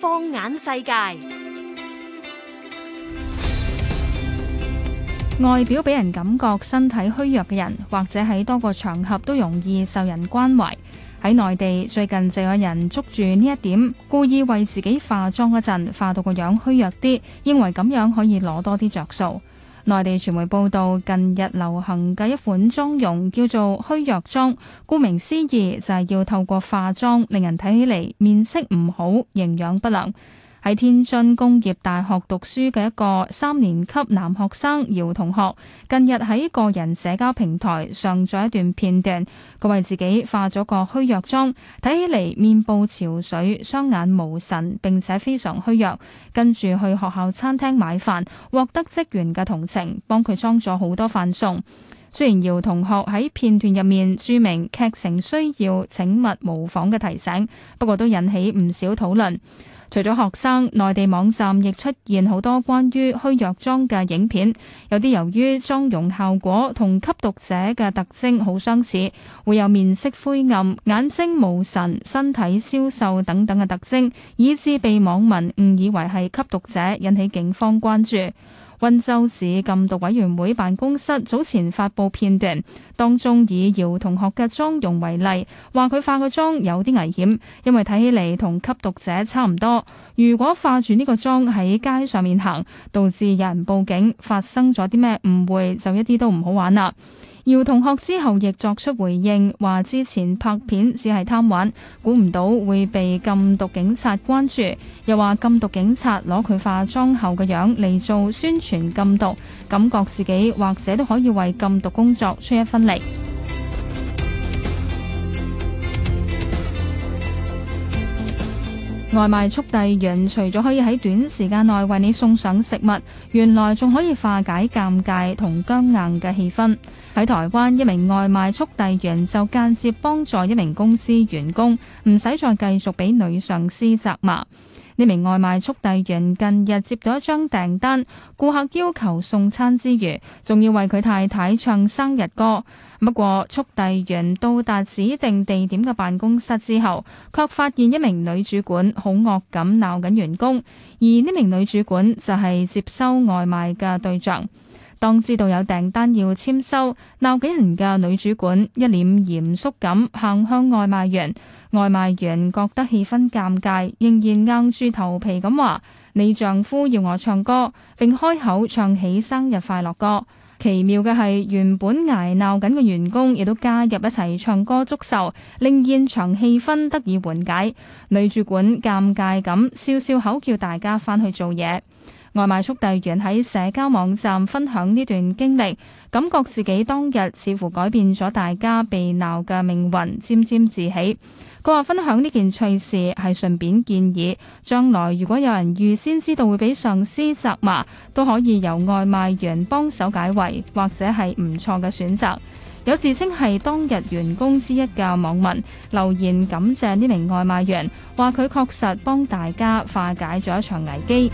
放眼世界，外表俾人感覺身體虛弱嘅人，或者喺多個場合都容易受人關懷。喺內地最近就有人捉住呢一點，故意為自己化妝嗰陣化到個樣虛弱啲，認為咁樣可以攞多啲着數。內地傳媒報道，近日流行嘅一款妝容叫做虛弱妝，顧名思義就係要透過化妝，令人睇起嚟面色唔好，營養不良。喺天津工業大學讀書嘅一個三年級男學生姚同學，近日喺個人社交平台上咗一段片段，佢為自己化咗個虛弱妝，睇起嚟面部潮水、雙眼無神，並且非常虛弱。跟住去學校餐廳買飯，獲得職員嘅同情，幫佢裝咗好多飯餸。雖然姚同學喺片段入面註明劇情需要，請勿模仿嘅提醒，不過都引起唔少討論。除咗學生，內地網站亦出現好多關於虛弱妝嘅影片，有啲由於妝容效果同吸毒者嘅特徵好相似，會有面色灰暗、眼睛無神、身體消瘦等等嘅特徵，以致被網民誤以為係吸毒者，引起警方關注。溫州市禁毒委員會辦公室早前發布片段，當中以姚同學嘅妝容為例，話佢化個妝有啲危險，因為睇起嚟同吸毒者差唔多。如果化住呢個妝喺街上面行，導致有人報警，發生咗啲咩誤會，就一啲都唔好玩啦。姚同學之後亦作出回應，話之前拍片只係貪玩，估唔到會被禁毒警察關注，又話禁毒警察攞佢化妝後嘅樣嚟做宣傳禁毒，感覺自己或者都可以為禁毒工作出一分力。外賣速遞員除咗可以喺短時間內為你送上食物，原來仲可以化解尷尬同僵硬嘅氣氛。喺台灣，一名外賣速遞員就間接幫助一名公司員工，唔使再繼續俾女上司責罵。呢名外賣速遞員近日接到一張訂單，顧客要求送餐之餘，仲要為佢太太唱生日歌。不過，速遞員到達指定地點嘅辦公室之後，卻發現一名女主管好惡咁鬧緊員工，而呢名女主管就係接收外賣嘅對象。當知道有訂單要簽收，鬧緊人嘅女主管一臉嚴肅咁行向外賣員，外賣員覺得氣氛尷尬，仍然硬住頭皮咁話：你丈夫要我唱歌，並開口唱起生日快樂歌。奇妙嘅係，原本捱鬧緊嘅員工亦都加入一齊唱歌祝壽，令現場氣氛得以緩解。女主管尷尬咁笑笑口，叫大家返去做嘢。外賣速遞員喺社交網站分享呢段經歷，感覺自己當日似乎改變咗大家被鬧嘅命運，沾沾自喜。佢話：分享呢件趣事係順便建議，將來如果有人預先知道會畀上司責罵，都可以由外賣員幫手解圍，或者係唔錯嘅選擇。有自稱係當日員工之一嘅網民留言感謝呢名外賣員，話佢確實幫大家化解咗一場危機。